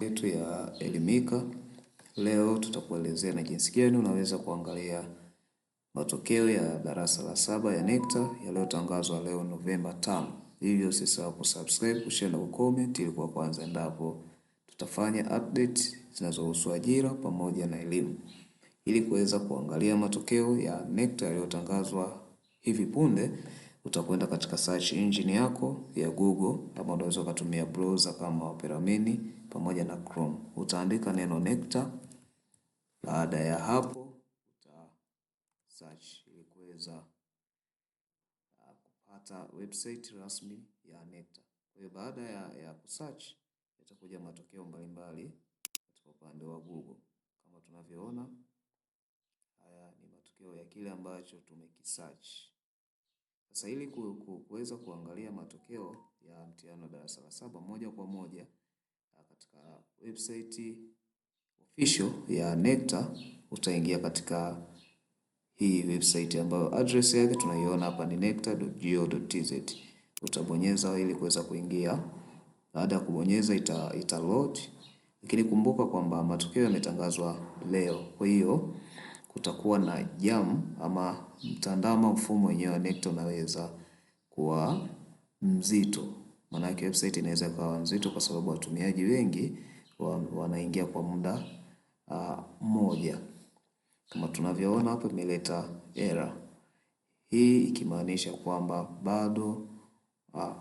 yetu ya Elimika. Leo tutakuelezea na jinsi gani unaweza kuangalia matokeo ya darasa la saba ya NECTA yaliyotangazwa leo Novemba tano. Hivyo usisahau kusubscribe, kushare na kucomment ili kwa kwanza endapo tutafanya update zinazohusu ajira pamoja na elimu, ili kuweza kuangalia matokeo ya NECTA yaliyotangazwa hivi punde utakwenda katika search engine yako ya Google ama unaweza ukatumia browser kama Opera Mini pamoja na Chrome. Utaandika neno Nectar. Baada ya hapo uta search ili kuweza ah, kupata website rasmi ya Nectar. Kwa hiyo baada ya, ya kusearch itakuja matokeo mbalimbali katika upande wa Google. Kama tunavyoona, haya ni matokeo ya kile ambacho tumekisearch. Sasa ili kuweza kuangalia matokeo ya mtihani wa darasa la saba moja kwa moja ah, katika website official ya NECTA utaingia katika hii website ambayo address yake tunaiona hapa ni necta.go.tz. Utabonyeza ili kuweza kuingia. Baada ya kubonyeza ita, ita load, lakini kumbuka kwamba matokeo yametangazwa leo, kwa hiyo kutakuwa na jam ama mtandama mfumo wenyewe wa NECTA unaweza kuwa mzito. Manake website inaweza kuwa mzito kwa sababu watumiaji wengi wanaingia kwa muda ah, mmoja. Kama tunavyoona hapo imeleta error. Hii ikimaanisha kwamba bado ah,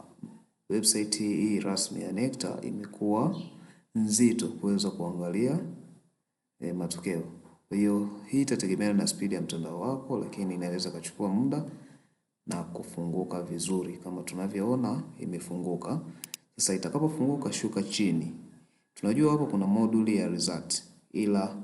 website hii rasmi ya NECTA imekuwa nzito kuweza kuangalia eh, matokeo. Kwa hiyo hii itategemeana na spidi ya mtandao wako, lakini inaweza kuchukua muda na kufunguka vizuri. Kama tunavyoona imefunguka. Sasa itakapofunguka, shuka chini. Tunajua hapo kuna moduli ya result, ila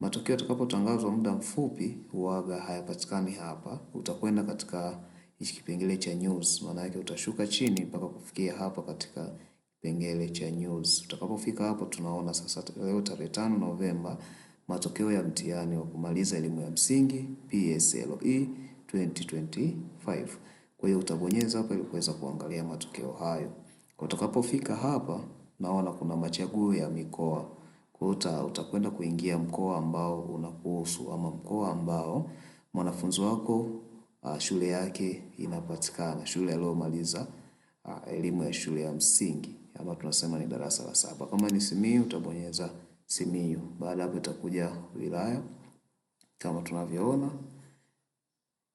matokeo yatakapotangazwa muda mfupi huaga hayapatikani hapa. Utakwenda katika hichi kipengele cha news, maana yake utashuka chini mpaka kufikia hapa katika kipengele cha news. Utakapofika hapo, tunaona sasa leo tarehe tano Novemba matokeo ya mtihani wa kumaliza elimu ya msingi PSLE 2025. Kwa hiyo utabonyeza hapa ili kuweza kuangalia matokeo hayo. Utakapofika hapa, naona kuna machaguo ya mikoa. Kwa hiyo utakwenda kuingia mkoa ambao unakuhusu ama mkoa ambao mwanafunzi wako a, shule yake inapatikana, shule aliyomaliza elimu ya shule ya msingi ama tunasema ni darasa la saba. Kama ni Simiyu utabonyeza Simiyu. Baada hapo itakuja wilaya kama tunavyoona.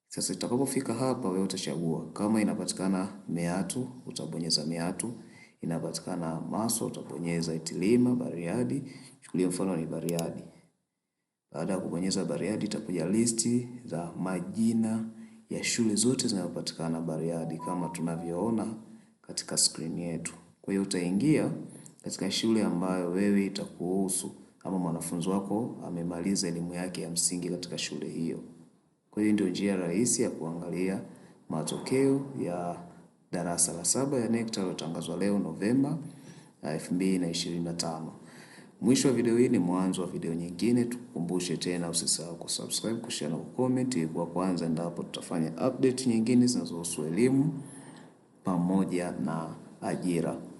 Sasa itakapofika hapa, wewe utachagua kama inapatikana Meatu utabonyeza Meatu, inapatikana Maswa utabonyeza Itilima, Bariadi. Chukulia mfano ni Bariadi. Baada ya kubonyeza Bariadi itakuja listi za majina ya shule zote zinazopatikana Bariadi kama tunavyoona katika skrini yetu. Kwa hiyo utaingia katika shule ambayo wewe itakuhusu ama mwanafunzi wako amemaliza elimu yake ya msingi katika shule hiyo. Kwa hiyo ndio njia rahisi ya kuangalia matokeo ya darasa la saba ya NECTA yaliyotangazwa leo Novemba uh, 2025. Mwisho wa video hii ni mwanzo wa video nyingine. Tukukumbushe tena, usisahau kusubscribe, kushare na kucomment ili kwa kwanza endapo tutafanya update nyingine zinazohusu elimu pamoja na ajira.